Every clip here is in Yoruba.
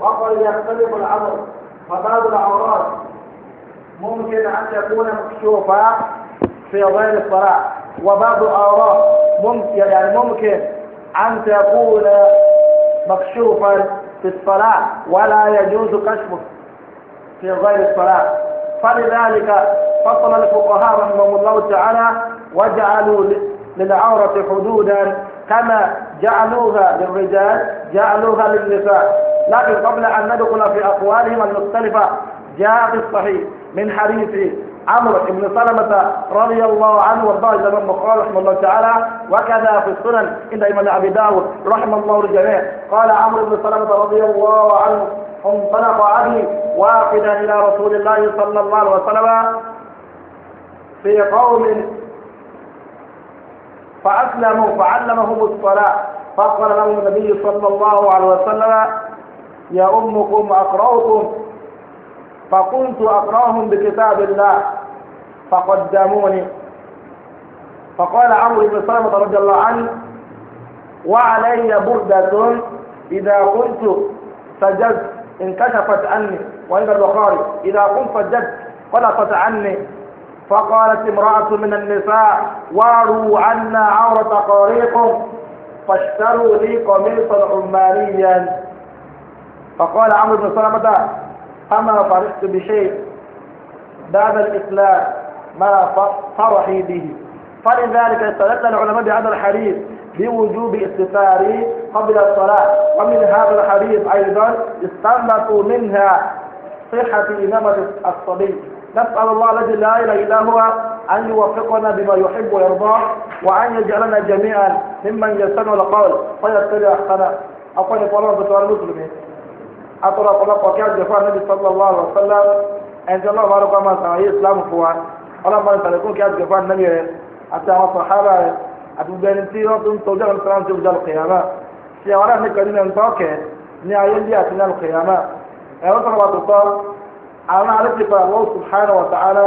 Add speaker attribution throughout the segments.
Speaker 1: وقد يختلف الامر فبعض العورات ممكن أن تكون مكشوفة في غير الصلاة وبعض العورات ممكن يعني ممكن أن تكون مكشوفا في الصلاة ولا يجوز كشفه في غير الصلاة فلذلك فصل الفقهاء رحمهم الله تعالى وجعلوا للعورة حدودا كما جعلوها للرجال جعلوها للنساء لكن قبل أن ندخل في أقوالهم المختلفة جاء في الصحيح من حديث عمرو بن سلمة رضي الله عنه وارضاه الإمام قال رحمه الله تعالى وكذا في السنن عند إمام أبي داود رحمه الله الجميع قال عمرو بن سلمة رضي الله عنه انطلق أبي واحدا إلى رسول الله صلى الله عليه وسلم في قوم فأسلموا فعلمهم الصلاة فقال لهم النبي صلى الله عليه وسلم يا أمكم أقرأكم فكنت أقرأهم بكتاب الله فقدموني فقال عمرو بن سلمة رضي الله عنه وعلي بردة إذا كنت سجدت انكشفت عني وعند البخاري إذا كنت سجدت قلقت عني فقالت امرأة من النساء واروا عنا عورة قارئكم فاشتروا لي قميصا عمانيا فقال عمرو بن سلمة أما فرحت بشيء بعد الإسلام ما فرحي به فلذلك استدل العلماء بهذا الحديث بوجوب استتار قبل الصلاة ومن هذا الحديث أيضا استنبطوا منها صحة إمامة الصبي نسأل الله الذي لا إله إلا هو أن يوفقنا بما يحب ويرضى وأن يجعلنا جميعا ممن يستمع القول فيتبع أحسنه أقول فلان بسؤال المسلمين أترى قلق وكاد جفاء النبي صلى الله عليه وسلم أن الله بارك ما سمعي إسلام فوا ولما نتلقون كاد جفاء النبي حتى الصحابة أتبين تيرتم توجه الإسلام توجه القيامة سيارة نكرين أن توكي ní ayé bí àti ní alùkèyàmà àwọn na Allah subhanahu wa ta'ala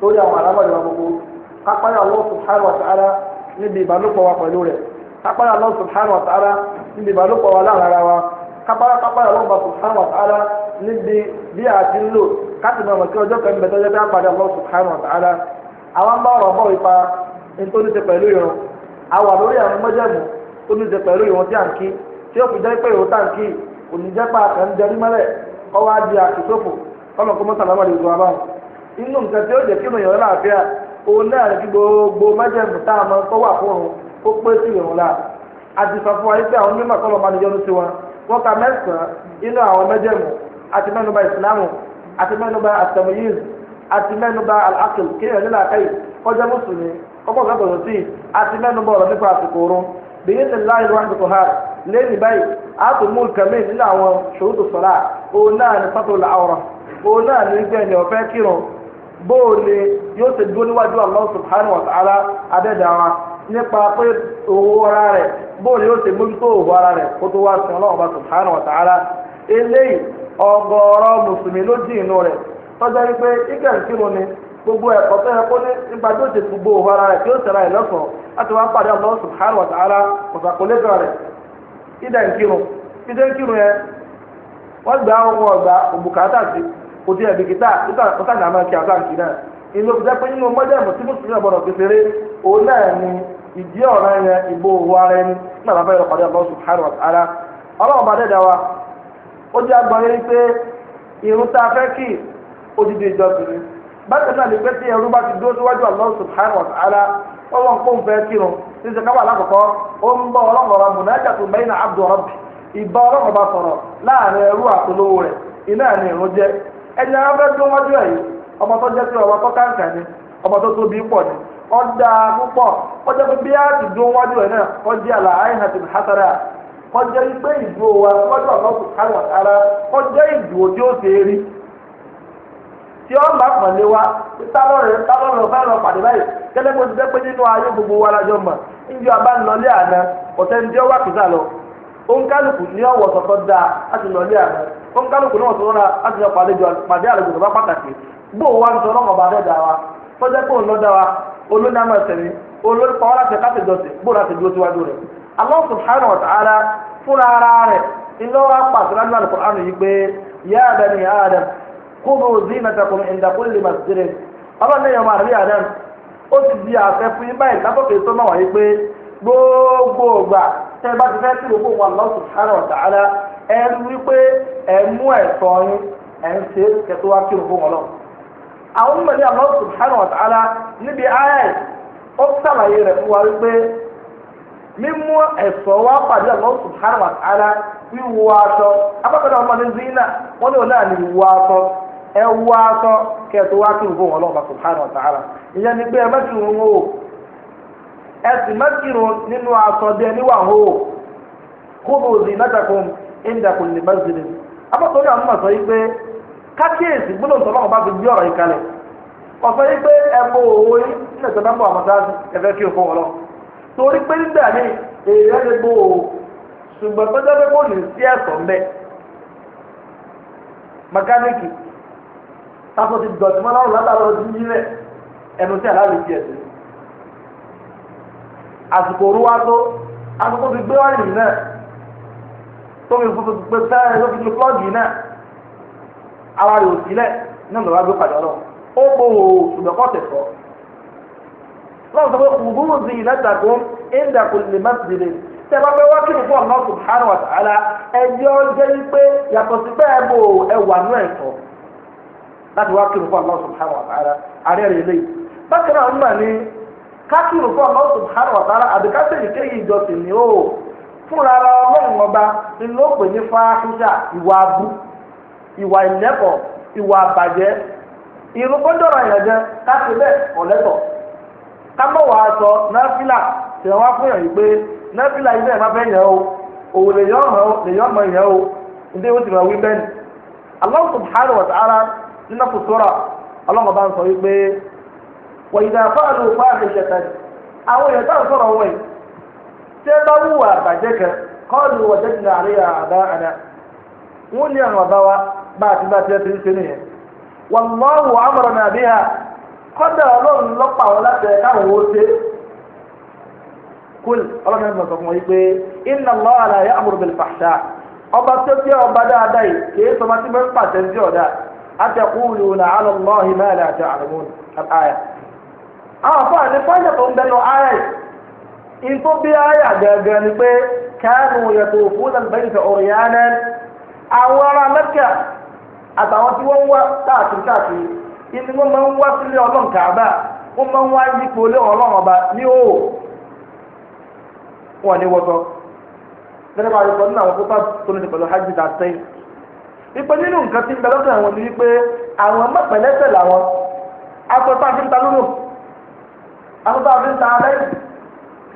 Speaker 1: lórí àwọn àlámọ̀lẹ́ wa gbogbo kápáyà Allah subhanahu wa ta'ala níbi ìbálòpọ̀ wa pẹ̀lú rẹ̀ kápáyà Allah subhanahu wa ta'ala níbi ìbálòpọ̀ wa láàárín wa kápáyà kápáyà Allah subhanahu wa ta'ala níbi bí a ti ń lò káàtì mọ̀ mọ̀ sí ọjọ́ kan bẹ̀tẹ̀ subhanahu wa ta'ala àwọn bá ọ̀rọ̀ bọ̀ ipa ti pẹ̀lú àwọn mọ́jẹ̀mú ọlọ́run kó mọ́ sàlámà lè sọ abáwọn inú nǹkan tí ó jẹ́ kí ènìyàn láàfíà òun náà ní kí gbogbo májèmú tá a mọ tó wà fún òun ó pé sí ìrùn la àti sọ fún wa yìí pé àwọn mímọ́ kọlọ máa níjọ ní tiwọn wọn ka mẹ́sàn-án inú àwọn májèmú àti mẹ́nubà ìsìlámù àti mẹ́nubà àtẹmíyìz àti mẹ́nubà alákìl kéèyàn nílà káyì kọjá mùsùlùmí kọ́kọ́ ọ̀gá tọ̀tọ̀ sí àti mẹ́nubà ọ̀rọ̀ nípa àsìkò oorun bìyí ní láì wá nípa ha lẹ́yìn báyìí àtúmù kàmí nínú àwọn ṣòwò tó sọ̀rọ̀ òun náà ní gbẹ̀yìn ọ̀fẹ́ kírun ni yóò ṣe dúró níwájú Allah subhanahu wa ta'ala adẹ́dàá nípa pé owó ara rẹ̀ bóòlè yóò ṣe mójútó owó ara rẹ̀ kó tó wá sí ọlọ́run subhanahu eléyìí mùsùlùmí ló inú rẹ̀ tọ́jà ni gbogbo ẹ̀kọ́ tó yẹ kó ní nípa ti gbogbo ara rẹ̀ lọ́sọ̀ọ́ láti wá pàdé kò tiẹ̀ bìkítà nígbà ọ̀sán ní àmọ́ kí àtàǹkì náà ìlú òfin jẹ́ pé nínú mọ́jẹ́mù tí mùsùlùmí ọ̀gbọ́dọ̀ fi ṣeré òun náà ni ìdí ọ̀rọ̀ yẹn ìbò na ara ẹni nígbà bá fẹ́ẹ́ lọ́kọ̀dé ọlọ́run subhanahu wa ta'ala ọlọ́run bá dẹ́dá wa ó jẹ́ a fẹ́ kí ni bákan ti dúró síwájú ẹni àwọn tó wọ́n jọ ọmọ tó jẹ́ pé ọmọ tó ni ọmọ tó tóbi pọ̀ ni ọ̀dà púpọ̀ ọjọ́ pé bí a ti dún wájú ẹ̀ náà ọjọ́ àlà àìhàtì hasara ìdúró wa ara ìdúró tí ó rí tí ó wa lọ pàdé báyìí ti pé nínú ayé gbogbo wa mọ̀ níbi àbá àná tó na kálukú náà sọ̀rọ̀ náà láti lọ pàdé jọ pàdé àlejò tó bá pàtàkì wa ọba dẹ́dà wa tọ́jà pé òun ló dá wa olóńgbà máa sẹ̀mí olóńgbà wọn láti káṣí jọsìn bó láti dúró síwájú rẹ̀ Allah subhanahu wa ta'ala ara rẹ̀ iná wa ya bani Adam khudu zinatakum inda kulli masjid ya Adam ti di àfẹ́ fún yín báyìí látọ̀kè tó máa gbogbo bá ti fẹ́ sí gbogbo wọn wípé Emu mú ẹ̀tọ́ yín ẹ̀ ń ṣe kẹtọ́ wá kírun fún ọlọ́run. àwọn mẹ́rin Allah subhanahu wa ta'ala níbi ayé ó sàlàyé fún wa wípé mímú wá pàdé subhanahu wa ta'ala aṣọ zina ní aṣọ ẹ wú aṣọ wá fún subhanahu wa ta'ala ìyẹn ni pé ẹ má abọ́tọ́jú àwọn ọmọ sọ yìí pé kákíyèsí gbọ́dọ̀ sọ lọ́kọ̀ bá fi gbé ọ̀rọ̀ yìí kalẹ̀ ọ̀sọ́ yìí pé ẹ̀bọ òwò yìí nílẹ̀ tó dábọ̀ àwọn sáà ẹ̀fẹ́ kí o fún torí pé nígbà ní èèyàn lè o ṣùgbọ́n tó dábẹ́ kó sí ẹ̀sọ̀ mbẹ́. mẹkáníìkì ti dọ̀tí mọ́ láwùjọ látàrọ ẹnu tí aláàlú ti àsìkò tó fi gbogbo gbogbo sẹ́yìn tó fi gbogbo plọ́ọ̀gì náà ara rẹ̀ ò sílẹ̀ náà lọ́wọ́ gbé padà lọ ó gbowó ṣùgbọ́n kọ́ tẹ̀sọ́ lọ́wọ́ sọ pé kùbúrú sí ìlẹ́tàkùn ìdàkùn lè má sì lè tẹ́lá pé wọ́n kìlì fún ọ̀nà subhanahu wa jẹ́ wípé yàtọ̀ sí pé ẹ bò ẹ wà láti wá fún ọ̀nà rẹ̀ lé bákan náà ń ní ká fún ọ̀nà àbíkásẹ̀ ìkéyìí ìjọsìn ni ó fúnra ara ọlọ́run ọba nínú ó pè ní fáfíṣà ìwà abú ìwà ìlẹ́kọ̀ ìwà àbàjẹ́ irun gbọ́dọ̀ ra ìrẹ̀jẹ káṣí bẹ́ẹ̀ ọ̀lẹ́kọ̀ kámọ́wàá aṣọ náfìlà tí wá fún yàn yìí pé náfìlà yìí bẹ́ẹ̀ má fẹ́ yàn o òwò yàn o ndé ti rà wí nínú ọlọ́run ọba ń sọ wípé wọ̀nyí tẹ́ bá wùwà àbàjẹ́ kan kọ́ọ̀lù wọ̀jẹ́ ti láàrin àbá àná wọ́n ní àwọn àbá wa bá a ti bá tiẹ̀ ti ń ṣe nìyẹn wọ́n mọ́ wọ́n àmọ̀ràn náà bí ha kọ́dà ọlọ́run lọ́pọ̀ àwọn láti ẹ̀ka àwọn owó ṣe kul ọlọ́run ẹ̀mọ̀ sọ fún wọn yìí pé inna Allah la ya'muru bil fahsha ọba tó jẹ́ ọba dáadáa yìí kìí sọ ma ti mẹ́ ń pàṣẹ sí ọ̀dà ataquluna ala Allahi ma la ta'lamun àlùmọ́ọ̀nì àbáyà. àwọn afọ àti fọ́ọ̀yà tó ń bẹ lọ ayà yìí in bí àyà gẹ́gẹ́ ni pé kanu yẹtò fún àlùbẹ́yìntì ọ̀rìyànà àwọn ará mẹ́kà àtàwọn tí wọ́n ń wá o wọn ní wọ́tọ́ gẹ́gẹ́ a yọ sọ nínú àwọn kópa tó ní pẹ̀lú hajj dà sẹ́yìn ìpè nínú nǹkan tí ń ni a ta a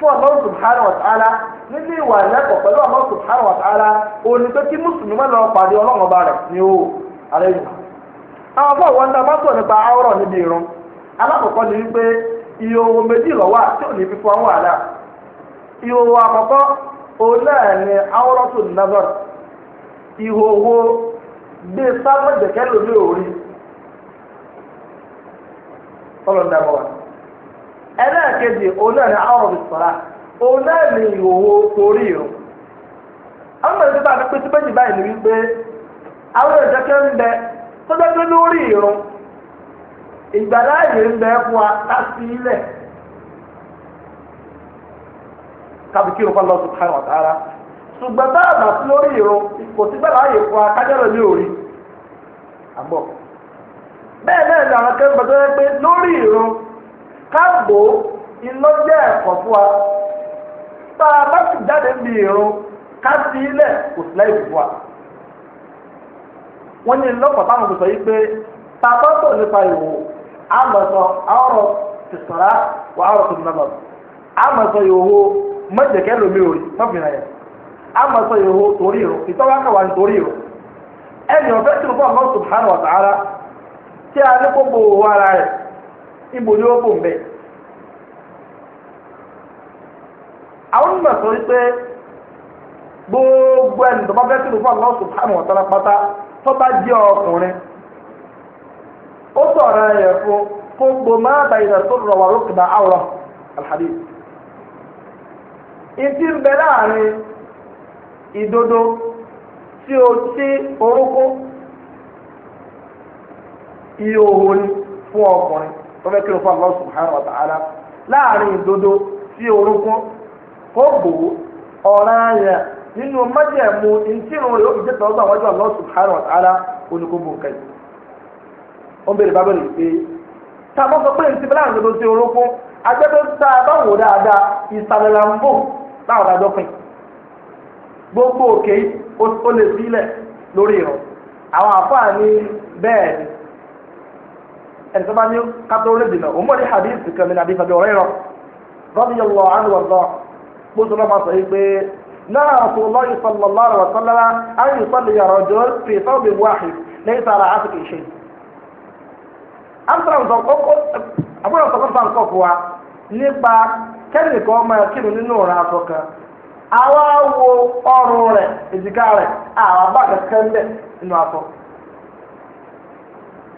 Speaker 1: fún Allah subhanahu wa ta'ala nínú ìwà ẹ̀lẹ́kọ̀ọ́ pẹ̀lú Allah subhanahu wa ta'ala òní pé kí mùsùlùmí lọ pàdé ọlọ́run ọba rẹ̀ o àlẹ́ àwọn afọ àwọn ọ̀dà bá nípa níbi irun alákọ̀ọ́kọ́ ni wípé iye owó méjì lọ́wọ́ tí iye owó àkọ́kọ́ òun náà ni ẹlẹ́ẹ̀kejì òun náà ni àwọn ọ̀rọ̀ sọ̀rọ̀ òun náà ni ìhòòhò torí o a pín sí báyìí ni wípé àwọn èdè ń bẹ tó tó lórí ìrun ìgbà ń bẹ fún wa ká ilẹ̀ kí lọ ṣùgbọ́n bá àgbà sí lórí kò sí káàbò iná jẹ́ ẹ̀kọ́ fún wa tá a bá sì jáde ń bi irun ká sí ilẹ̀ kò sí láì fún wa. wọ́n ní lọ́pọ̀ táwọn kò yìí pé a bá nípa ìwò sọ àwọ̀rọ̀ ti sọ̀rọ̀ wà àwọ̀rọ̀ tó nà ìhòhò mọ̀jẹ̀kẹ́ lomi òrì yẹn. ìhòhò torí ìrò ìtọ́wá ìrò. ẹnì ọ̀fẹ́ a ní kó gbòòwò ara rẹ̀ ibùdó ọ̀pọ̀ mbẹ. àwọn onímọ̀ sọ wípé gbogbo ẹni tó bá fẹ́ sínú fún àwọn ọ̀sùn táwọn ọ̀tá lápáta tó bá jẹ́ ọkùnrin ó sọ̀rọ̀ ẹ̀ fún gbogbo máa bá ìdá tó rọ̀ wà lókè bá àwòrán ìdí ń bẹ láàrin o ti tó fẹ́ kírun fún Allah subhanahu wa ta'ala láàrin ìdodo sí orúnkún kó bò ó ọ̀ràn yẹn nínú májẹ̀mú ìtìrún rẹ̀ ó fi jẹ́tọ̀ ọgbà wájú Allah subhanahu wa ta'ala olùkóbó nǹkan yìí. ó ń bèrè bá bẹ̀rẹ̀ pé tá a bá sọ pé ìsinmi láàrin ìdodo sí orúnkún agbẹ́bẹ́ tá a bá wò dáadáa ìsàlẹ̀ là ń bò láwọn adájọ́ pin gbogbo òkè ó lè sílẹ̀ lórí ìrọ̀ àwọn àfáà ní bẹ́ẹ̀ ni ẹnìkan bá ní kátó orí dìnnà òun mọ̀ ní hadith kan mi nàbí fàbí ọ̀rẹ́ rọ radiyallahu anhu wàlọ́ gbósùn náà máa sọ yìí pé náà rasulullahi sallallahu alaihi wa sallam an yusalli rajul fi thawbin wahid laysa ala athiqihi shay. amtara nsọ kókó àbúrò nsọ kókó nsọ fún wa nípa kẹ́lí kan máa nínú ọ̀rọ̀ aṣọ kan àwa wo ọrùn rẹ̀ èjìká rẹ̀ àwọn abá ń bẹ̀ nínú aṣọ.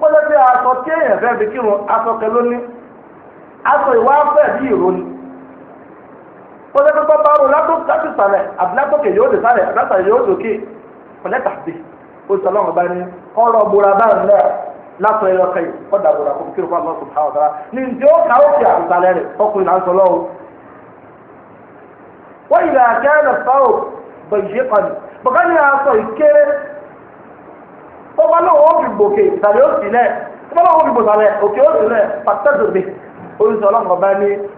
Speaker 1: tó pé aṣọ tí èèyàn fẹ́ fi kírun aṣọ kẹ ló ní aṣọ ìwà fẹ́ bí ìró ni kọjá pé bá bárò láti sàlẹ̀ àbí yóò dé sàlẹ̀ àbí yóò dòkè pẹ̀lẹ́tà sí ó sọ lọ́wọ́ bá kẹyì ọ̀dà bóra kò kí ló fà lọ́sùn táwọn sára ní ti ó kà ó fi tọ́ba náà wọ́n fi gbòkè ìsàlẹ̀ ó sì lẹ̀ tọ́ba náà wọ́n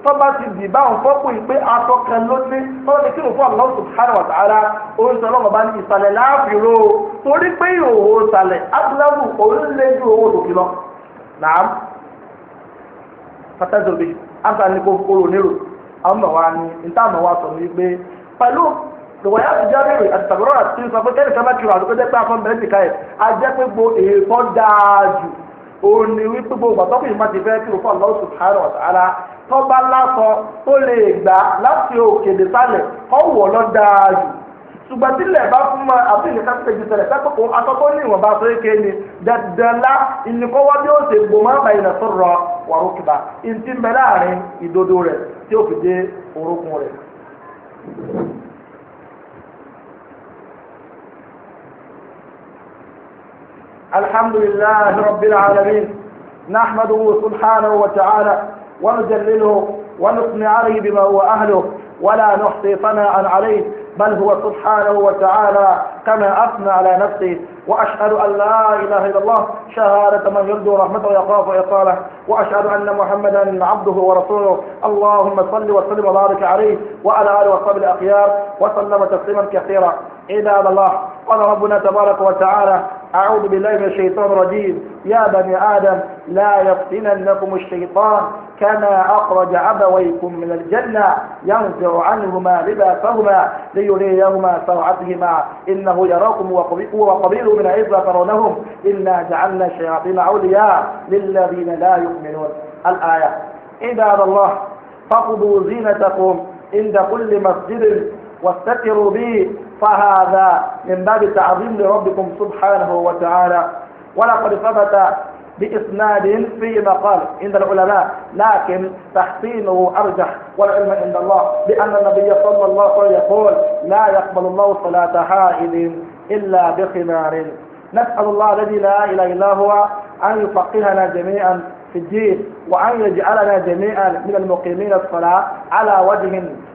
Speaker 1: fi òkè ti dì báwọn fọ́pù yìí pé aṣọ kan ló ní tọ́ba ti kírun fún Allah subhanahu wa ta'ala oríṣi ọlọ́run ọba ìsàlẹ̀ láàfìró torí pé ìhòòhò ìsàlẹ̀ owó lọ tòwá yà fìdí àbẹ̀rẹ̀ àtàkùrọ̀ àti sọ̀fún kẹ́lí sábà kiri àdúgbò jẹ́ pé afọ́n bẹ̀rẹ̀ nìkan yẹn ajẹ́ pé gbo èèkọ́ dáa jù òní wípé gbogbo àtọ́kùn yìí má ti fẹ́ kí o fọ́ Allah subhanahu wa ta'ala tọ́ba lásọ tó lè gbà láti òkè dé sálẹ̀ lọ dáa jù ṣùgbọ́n ni dandanla ìnìkọ́wá bí ó ṣe gbòmọ́ àbáyé náà sọ̀rọ̀ wàrú ń bẹ láàrin ìdodo الحمد لله رب العالمين نحمده سبحانه وتعالى ونجلله ونثني عليه بما هو أهله ولا نحصي ثناء عليه بل هو سبحانه وتعالى كما أثنى على نفسه وأشهد أن لا إله إلا الله شهادة من يرجو رحمته ويخاف عقابه وأشهد أن محمدا عبده ورسوله اللهم صل وسلم وبارك عليه وعلى آله وصحبه الأخيار وسلم تسليما كثيرا عباد الله قال ربنا تبارك وتعالى أعوذ بالله من الشيطان الرجيم يا بني آدم لا يفتننكم الشيطان كما أخرج أبويكم من الجنة ينزع عنهما لباسهما ليريهما سوعتهما إنه يراكم وقبيله من عزة ترونهم إنا جعلنا الشياطين أولياء للذين لا يؤمنون الآية عباد الله فخذوا زينتكم عند كل مسجد واستقروا به فهذا من باب تعظيم لربكم سبحانه وتعالى ولقد ثبت بإسناد في مقال عند العلماء لكن تحسينه أرجح والعلم عند الله لأن النبي صلى الله عليه وسلم يقول لا يقبل الله صلاة حائل إلا بخمار نسأل الله الذي لا إله إلا هو أن يفقهنا جميعا في الدين وأن يجعلنا جميعا من المقيمين الصلاة على وجه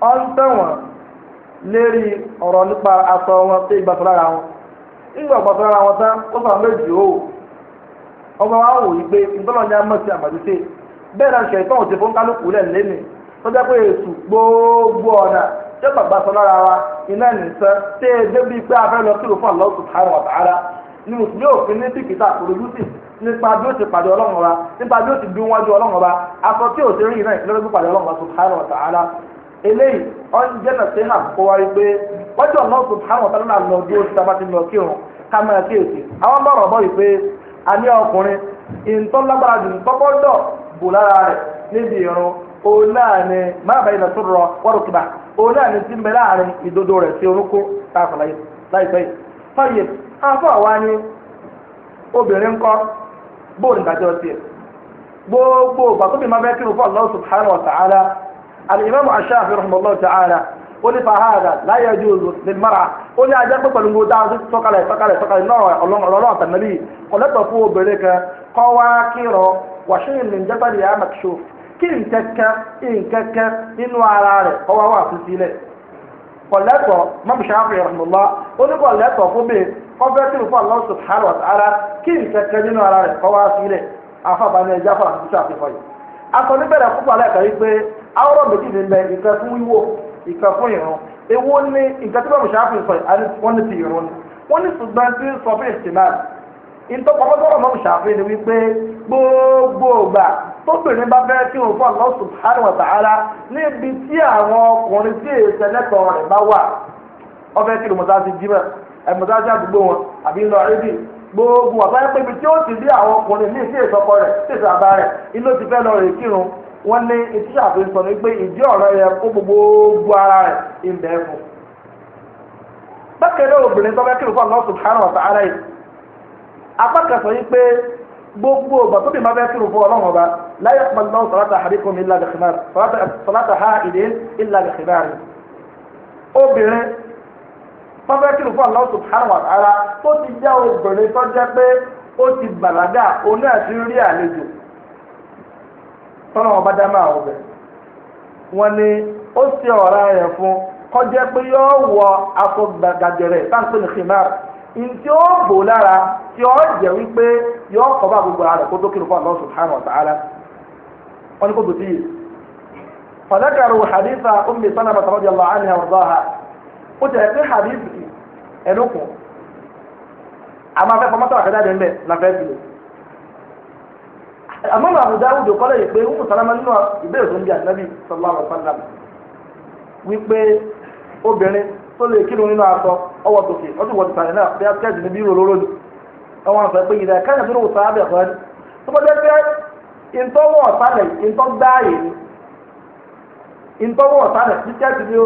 Speaker 1: ọ ń tẹ̀ lérí ọ̀rọ̀ nípa aṣọ wọn tí ìgbàsọ̀ lára wọn nígbà ọ̀gbàsọ̀ lára wọn tán ó sọ méjì ó wa wò wípé sí bẹ́ẹ̀ náà ṣe ìtọ́wọ̀n ti fún kálukú lẹ̀ lẹ́nu tó jẹ́ pé èsù gbogbo wa iná ẹ débi pé a lọ kí ló fún Allah subhanahu wa ta'ala ni mùsùlùmí òfin ní bìkítà kòròdúsì nípa bí ó ti pàdé ọlọ́run nípa bí ó ti dún wájú ọlọ́run aṣọ tí eléyìí ọ̀njẹ́ náà ṣe hàn kó wa rí pé wọ́jọ́ náà sùn táwọn ọ̀tá náà lọ dúró síta bá ká máa àwọn bá bọ́ yìí pé a ní ọkùnrin ìǹtọ́ lágbára jù tọ́kọ́ dọ̀ bù lára rẹ̀ níbi ìrun òun náà ni ilẹ̀ tó rọ wọ́rọ̀ kíba òun náà ni ti ń bẹ láàrin ìdodo rẹ̀ sí orúkú táàkùn الإمام الشافعي رحمه الله تعالى قل فهذا لا يجوز للمرأة قل يا جنب قل دعوة فقال فقال فقال النار الله النبي قل تفو بريك قواكير وشيء من جبل يا مكشوف كين تكا إن تكا إن وعلى قوا وافسيلة قل لك ما الشافعي رحمه الله قل قل لك فبي قبلت الله سبحانه وتعالى كين تكا إن وعلى قوا وافسيلة أفا بني جعفر الشافعي أقول لك بلا قبلة كريبة awọ́rọ̀ méjì ní bẹ ìkan fún wíwò ìkan fún ìrun ewu ní nǹkan tí bàbá ṣáà fi sọ wọ́n ní ti ìrun ni wọ́n ní ṣùgbọ́n tí sọ fún ìsìnà ìtọ́pọ̀pọ̀tọ́rọ̀ mọ́ ṣàfihàn ni wípé gbogbo ògbà tóbìnrin bá fẹ́ kí òun fún Allah subhanahu wa ta'ala níbi tí àwọn ọkùnrin tí èsẹ̀ lẹ́tọ̀ọ́ rẹ̀ bá wà ọfẹ́ kí lòmọ́sáàsì jímẹ̀ ẹ̀mọ́sáàsì àdúgbò wọn àbí ńlọ rédì gbogbo àbáyé pé ibi tí ó ti rí àwọn ọkùnrin ní ìsí ìsọkọ rẹ̀ sí ìsàbá rẹ̀ inú ti fẹ́ lọ rè kírun wọ́n ní etí àfihàn ní pé ìdí ọ̀rọ̀ yẹ kó gbogbo ara rẹ̀ ìbẹ̀ fún. bákan náà obìnrin tó fẹ́ kí lùfọ́ Allah subhanahu wa ta'ala yìí apá kẹsàn yìí pé gbogbo ọgbà tóbi máa fẹ́ kí lùfọ́ ọlọ́run ọba láyé pàdánù sọ̀rọ̀tà àdékùn ilà bẹ̀kìmárì sọ̀rọ̀tà ha ìdè ilà bẹ̀kìmárì. obìnrin tó fẹ́ kí lùfọ́ Allah subhanahu wa ta'ala tó ti jẹ́ obìnrin tó jẹ́ pé ó ti bàlágà oní àti rí àlejò tọ́nà ọba dá máa wọ bẹ̀. wọ́n ní ó ṣe ọ̀rá yẹn fún kọjá pé yóò wọ aṣọ gàgẹ̀rẹ̀ táǹpé ní khimar ntí ó bò lára tí ó jẹ́ wípé yóò kọ́ bá gbogbo ara kó tó kiri fún Allah subhanahu wa ta'ala wọ́n ní kó bùtí yìí. فذكروا حديث أم سلمة رضي الله عنها وارضاها وتأتي حديث ẹnu kù àmọ́ afẹ́fọ́ mọ́tò àkàdá dẹ̀ ń bẹ̀ la àmọ́nà àbùdá àwùjọ kọ́lẹ̀ yìí pé umu salama nínú ìbéèrè tó ń bí ànábì sallallahu alaihi wípé obìnrin tó lè kírun nínú aṣọ ọwọ́ tòkè ọdún wọ́n ti sàrẹ̀ náà bí akẹ́jù níbi ìrò lóró ni ọwọ́n sọ pé ìdá kẹ́yìn nínú òsà abẹ́ ọ̀hán tó bá jẹ́ pé ìtọ́wọ́ ọ̀sálẹ̀ ìtọ́ ni bí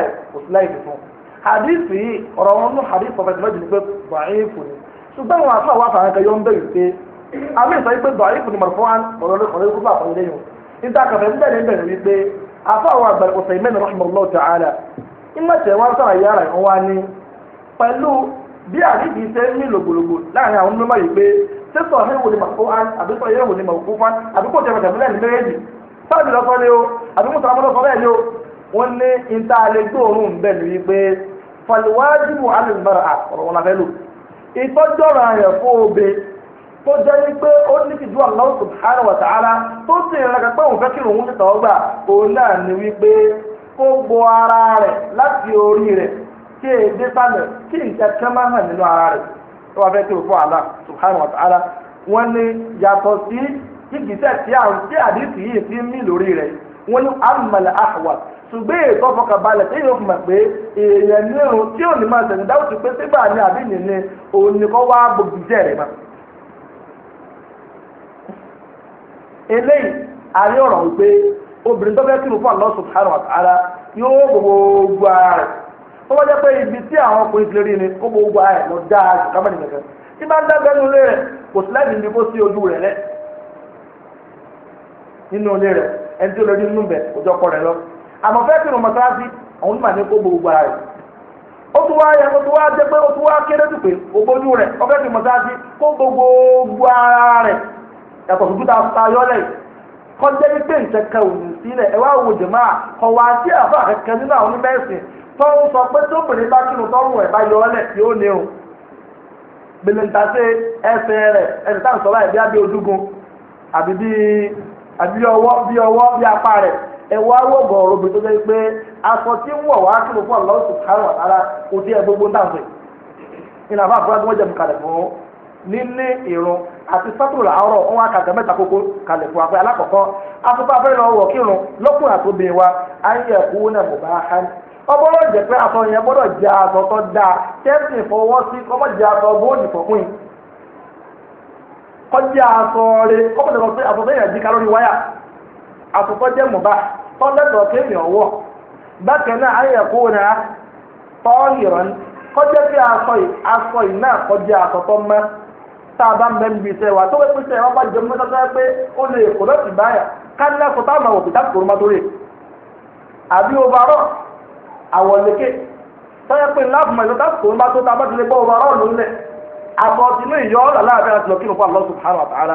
Speaker 1: ní ìrò ni o tó hadithi ọ̀rọ̀ wọn nù hadithi ọ̀fẹ́ tìlọ́jì ni pé dọ̀ọ́ìfù ni ṣùgbọ́n àwọn afọ àwọn afọ yọ ń bẹ̀rù pé àmì sọ pé dọ̀ọ́ìfù ni mọ̀rọ̀fọ́ wọn ọ̀rọ̀ ọ̀rọ̀ ìkúkú àfọ̀yẹ́ lẹ́yìn níta kàfẹ́ ń ta'ala wa ni pẹ̀lú bí àdìsí ṣe ń mí lògbòlògbò láàrin àwọn onímọ̀ yìí pé ṣé sọ ẹ̀ wò ni mọ̀kó án àbí sọ ẹ̀ wò ni mọ̀kó fán àbí kò jẹ́ fàlùwájúmù alìmọ́ra àkọ̀rọ̀ wọn abẹ́lò ìtọ́jọ́ra yẹn fún obe tó jẹ́ ní pé ó ní tó sì ń pé òun fẹ́ kí òun òun náà wípé kó gbọ́ ara rẹ̀ láti orí rẹ̀ ara rẹ̀ tó wà fẹ́ kí òun fún wọ́n ní yàtọ̀ sí tí àdìsí yìí ti ń mí lórí rẹ̀ wọ́n ṣùgbọ́n ètò ọfọkànbalẹ̀ tí yóò fi mọ̀ pé èèyàn nírun tí ò ní máa tẹ̀lé dáwùtì pé sígbà ní àbí nìyẹn òun ni kò wá gbòógì jẹ́ rẹ̀ mọ́. eléyìí àrí ọ̀rọ̀ wípé obìnrin tó fẹ́ kírun fún Allah subhanahu wa ta'ala yóò gbogbo ara rẹ̀ tó bá jẹ́ pé ibi tí àwọn ọkùnrin ti lè rí ni kó gbogbo ara rẹ̀ lọ dáa kàmánì kankan tí bá ń dábẹ́ nínú ilé rẹ̀ kò sí láti ibi kó sí ojú rẹ̀ lẹ́ nínú ilé rẹ̀ ẹni tí ó lọ rí nínú bẹ̀ òjò ọkọ rẹ̀ lọ àmọ́ fẹ́ kírun mọ́sálásí àwọn onímọ̀ ní kó gbogbo ara rẹ̀ ó tún wá yẹ kó tún wá jẹ́ pé ó tún wá kéré tù pé ògbójú rẹ̀ ó fẹ́ kírun mọ́sálásí kó gbogbo ara rẹ̀ yàtọ̀ tuntun tá a ta yọ́lẹ̀ kọjá ní pé nǹkan kan ò sílẹ̀ ẹ wá wo jẹ̀mọ́ à kọ̀ wá sí àfa kankan nínú àwọn oníbẹ̀sìn tó ń sọ pé tóbìnrin bá kírun tọ́rùn ẹ̀ bá yọ́lẹ̀ yóò ní o gbèlèntàsé ẹsẹ̀ rẹ̀ ẹsẹ̀ tá à ń bí abẹ́ ojúgun àbí bí ọwọ́ bí apá rẹ̀ ẹwà awọ́gọ̀ ọ̀rọ̀ mi tó dé pé aṣọ tí ń wọ̀ wá kí ló fún wa ta'ala kò tí ẹ gbogbo náà fẹ́ ní nàfà àfúrá tí wọ́n jẹ́ mi kalẹ̀ fún níní ìrun àti sátúrò àárọ̀ wọn wá mẹ́ta kókó kalẹ̀ fún afẹ́ alákọ̀ọ́kọ́ lọ wọ̀ kírun wa ayé ẹ̀kú náà a ọgbọ́dọ̀ jẹ́ pé aṣọ yẹn gbọ́dọ̀ jẹ́ aṣọ tó dáa tẹ́sí fọwọ́ sí kọ́mọ́ àkọ́kọ́ jẹ́ mọ̀bá tọ́lẹ́tọ̀ kéèyàn ọwọ́ bákan náà ayé ẹ̀kọ́ rẹ̀ á tọ́ ìrọ̀n kọjá pé aṣọ yìí náà kọjá àkọ́kọ́ mọ́ tá a bá ń bẹ níbi iṣẹ́ wa tó wẹ́ pé iṣẹ́ wa bá jẹ mọ́ tọ́tọ́ pé ó lè kó lọ́ọ̀tì báyà ká ní ẹ̀kọ́ táwọn àwọn òkúta kòrò má torí àbí overall àwọ̀lékè tọ́yẹ pé láàbùmọ̀ ìṣẹ́ tá kòrò má tó tá a bá ti lè gbọ́ overall lónìí àbọ̀ tìǹbù ìyọ́ ọ̀là láàbẹ̀ àti lọ́kìnnìkan Allah subhanahu wa ta'ala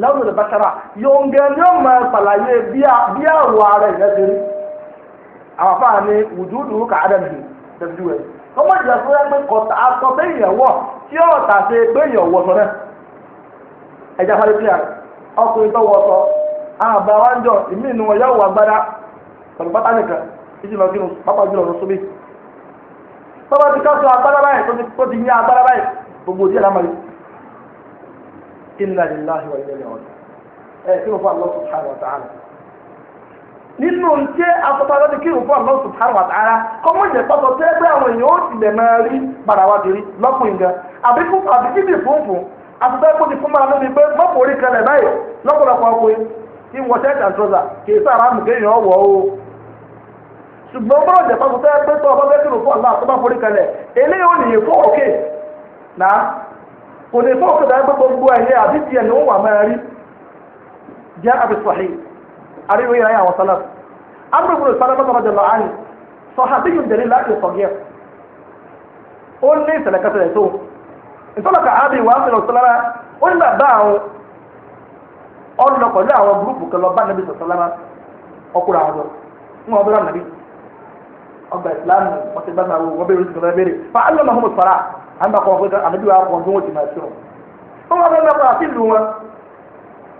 Speaker 1: lọ́wọ́ rẹ̀ bàtàrà yòǹgẹ̀ ni ó máa ṣàlàyé bí àrùn ara ìyẹn ṣe rí àwọn afáà ni wùdúùdù kà á dàbí dàbí rẹ̀ ọmọ ìjà tó yẹ pé kọ̀tà aṣọ béèyàn wọ̀ tí ó tà ṣe béèyàn wọ̀ sọ náà ẹja fárẹ́ tí a ọkùnrin tó wọ̀ sọ àbá wa ń jọ ìmí ìnú wọn yóò wà gbádá pẹ̀lú pátá nìkan ìdí lọ gírun pápá jùlọ lọ sóbì tọ́wọ́ ti ká sọ agbára báyìí tó ti yín agbára báyìí gbogbo òdì inna lillahi wa inna ilaihi ẹ̀ kí o fún Allah subhanahu wa ta'ala nínú ṣé afọ́tàlọ́ ni kí o fún Allah subhanahu wa ta'ala kọ́mọ̀ ìjẹ́ pọ́tọ̀ tẹ́ pé àwọn èèyàn ó tilẹ̀ máa rí padà wá kiri lọ́kùn nǹkan àbí fún àbí kí ni fún fún afọ́tàlọ́ kò ti fún kò lè fọ́ ọ̀kadà ẹgbẹ́ gbogbo ẹ̀yẹ àbí tiẹ̀ ni wọ́n wà máa rí jẹ́ àbí sọ̀hí àríwé ìrìn àwọn sálà amúrúgbùrù sálà bàtà rọjò lọ́hánì sọ̀hàbí yìí dẹ̀lé láti sọ̀gẹ́ ó ní ìṣẹ̀lẹ̀ kẹsẹ̀lẹ̀ tó ìtọ́lọ̀kà ábí wàá fi lọ́sọ̀ lára ó ní bàbá à ń bá kọ́ wa kọ́ bí wọ́n ti máa ṣe wọn. wọ́n O bẹ́ẹ̀ mẹ́kọ́ àti ìlú wọn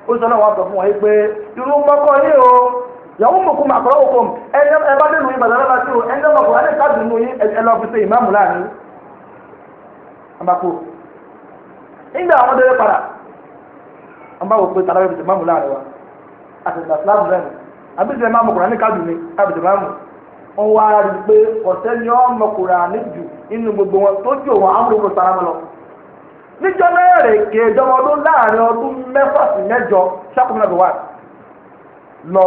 Speaker 1: ó sọ náà wọ́n sọ fún wọn pé irú mọ́kọ́ yìí o yàwó mọ̀kú mà kọ́ òkò ẹ bá dénú yín bàtà lọ́ba o ẹ ní ọmọkùnrin alẹ́ ká dùnú yín ẹ lọ fi ṣe ìmáàmù láàrin. àbàkù nígbà àwọn dẹ́rẹ́ padà wọ́n wa wọn wá rí i pé ọ̀sẹ̀ ni wọ́n jù inú gbogbo wọn tó jù wọn àwọn olùkọ́ lọ. níjọ ọdún láàrin ọdún mẹ́fà sí mẹ́jọ lọ.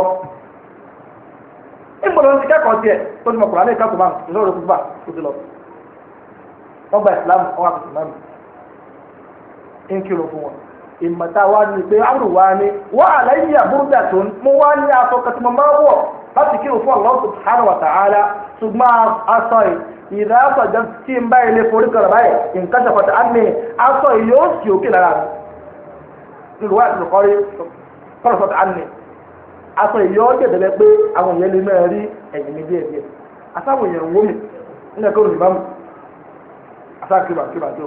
Speaker 1: ìgbọ̀dọ̀ ti kẹ́kọ̀ọ́ tiẹ̀ tó ti mọ Kùránì kẹ́kọ̀ọ́ máa tó ti lọ. wọ́n gba ìsìlámù ń wa ni pé wa ni àbúrúdà tó ń mú wá ní aṣọ láti kírun fún Allah subhanahu wa ta'ala ṣùgbọ́n aṣọ yìí ìdá aṣọ ìjọ tí ń bá ilé forí kan báyìí nǹkan ṣe pàtàkì àmì aṣọ yìí yóò sì òkè lára mi ìlú wa ìlú kọrí kọrọ sọtà àmì aṣọ yìí yóò jẹ dẹlẹ pé àwọn èèyàn lè máa rí ẹ̀yìn mi díẹ̀ díẹ̀ àtàwọn èèyàn wó mi nígbà kó rìn bá mu kíba kíba tó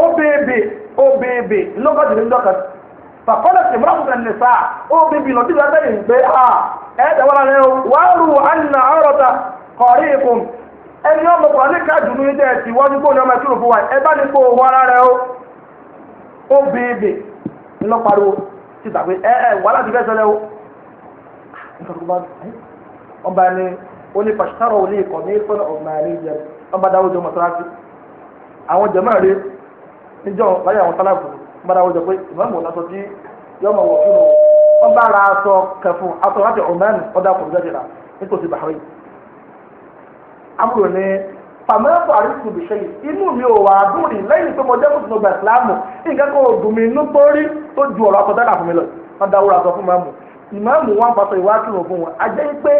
Speaker 1: o bèbè o bèbè lọ́kọ̀dé ní dọ́kà fàkọ́lẹ̀ tèmọ́ràn nìsa o bèbè lọ́dún lọ́dún yìí pé a. ẹ̀ẹ́dẹ̀ wọ́n lẹ́nu wàárù àná ọ̀rọ̀ta kọ̀rí ìkùn ẹni ọmọ kan ní káàdùn ní ìdẹ́ ẹ̀sìn wọ́n ní ní ọmọ ẹ̀kí òfin wa ẹ ní kó wọ́n ara ó bèèbè pariwo ẹ ẹ fẹ́ ọba ni ó ní pàṣípàrọ̀ ò ní ìkọ̀ ọ̀gbìn àárín jẹ ọba dáwọ́ jọ àwọn jẹ̀mọ́ rẹ níjọ́ láyé àwọn ọba dáwọ́ jọ pé ìmọ̀ wọ́n bá ra aṣọ kẹfún aṣọ láti Oman ọ̀dà kò jáde rà nítòsí Bahrain. amúlò ní pàmẹ́fọ́ àríkù bìṣẹ́ yìí inú mi ò wà dùn rí lẹ́yìn pé mo jẹ́ mùsùlùmí ọgbà ìsìláàmù nǹkan kan ò dùn mí inú tó rí tó ju ọ̀rọ̀ aṣọ dáadáa fún mi lọ wọ́n dáwọ́ aṣọ fún mọ́mù ìmọ̀ọ́mù wọn pàṣẹ ìwádìí òfin wọn àjẹ́ pé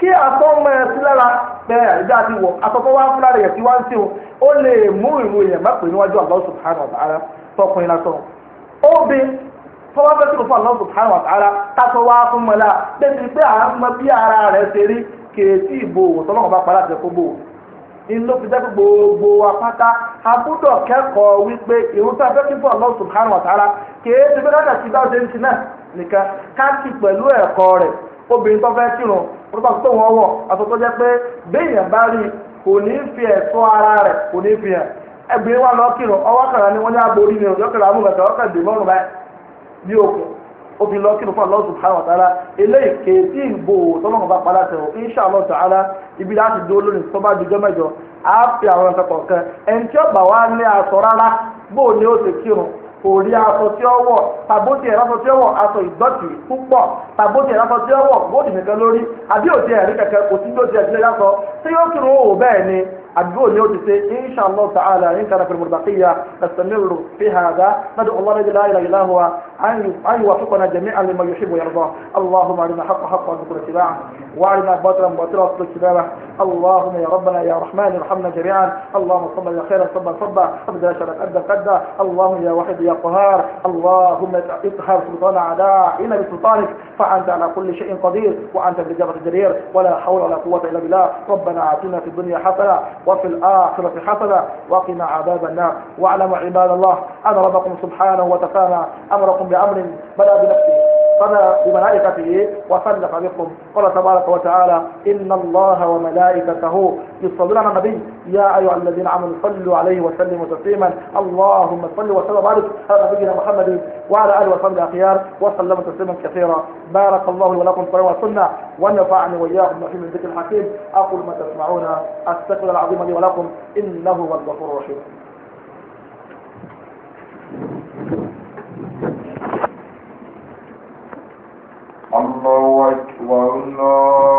Speaker 1: kí aṣọ ọmọ ẹ sí lára bẹ́ẹ̀ àrídá ti wọ̀ aṣọ tó wá fúnra rẹ̀ tí wá ń ṣe o ó lè mú ìrù èèyàn mẹ́pẹ̀ẹ́ níwájú Allah subhanahu tọ́wọ́ fẹ́ sọ̀rọ̀ fún Allah subhanahu wá fún mọ́lá débi pé bí ara rẹ̀ ṣe rí kèétí ìbò òwò tọ́lọ́kọ̀ bá parí àti ẹ̀kọ́ bò inú fi dẹ́kun gbogbo apáta abúdọ̀ kẹ́kọ̀ọ́ wípé kèétí pé náà nìkan káàkì pẹ̀lú ẹ̀kọ́ rẹ̀ obìnrin tó fẹ́ kírun ní okùn obìnrin lọ kí ló fún Allah subhanahu wa ta'ala eléyìí kéèdì ìbò tọ́lọ́mù bá padà tẹ̀ ọ́ insha Allah ta'ala ibi láti dúró lónìí tó bá dúdú mẹ́jọ á fi àwọn nǹkan kọ̀ọ̀kan ẹni tí ó gbà wá ní aṣọ rárá bó ní ó ti kírun kò rí aṣọ tí ó wọ̀ tàbótì ẹ̀ lọ́sọ tí ó wọ̀ aṣọ ìdọ̀tí púpọ̀ tàbótì ẹ̀ lọ́sọ tí ó wọ̀ bóòdì nìkan lórí àbí òtí ẹ̀rí kẹ̀kẹ́ kò sí tó ti ẹ̀ عدو إن شاء الله تعالى إن كان في المربقية نستمر في هذا ندعو الله الذي لا إله إلا هو أن يوفقنا جميعا لما يحب ويرضاه اللهم علينا حق حقا وذكر اتباعه وعلينا باطلا باطلا وارزقنا اجتنابه اللهم يا ربنا يا رحمن ارحمنا جميعا اللهم صل يا خير صبا صبا أبدا شرك أبدا قدا اللهم يا واحد يا قهار اللهم اطهر سلطان أعدائنا بسلطانك فأنت على كل شيء قدير وأنت بالجبر الجرير ولا حول ولا قوة إلا بالله ربنا آتنا في الدنيا حسنة وفي الآخرة حسنة وقنا عذاب النار واعلموا عباد الله أن ربكم سبحانه وتعالى أمركم بأمر بلا بنفسه وصلى بملائكته وصلى بكم قال تبارك وتعالى إن الله وملائكته يصلون على النبي يا أيها الذين آمنوا صلوا عليه وسلموا تسليما اللهم صل وسلم وبارك على نبينا محمد وعلى آله وصحبه الأخيار وسلم تسليما كثيرا بارك الله لي ولكم في والسنة ونفعني وإياكم من الذكر الحكيم أقول ما تسمعون أستغفر العظيم لي ولكم إنه هو الغفور الرحيم الله أكبر الله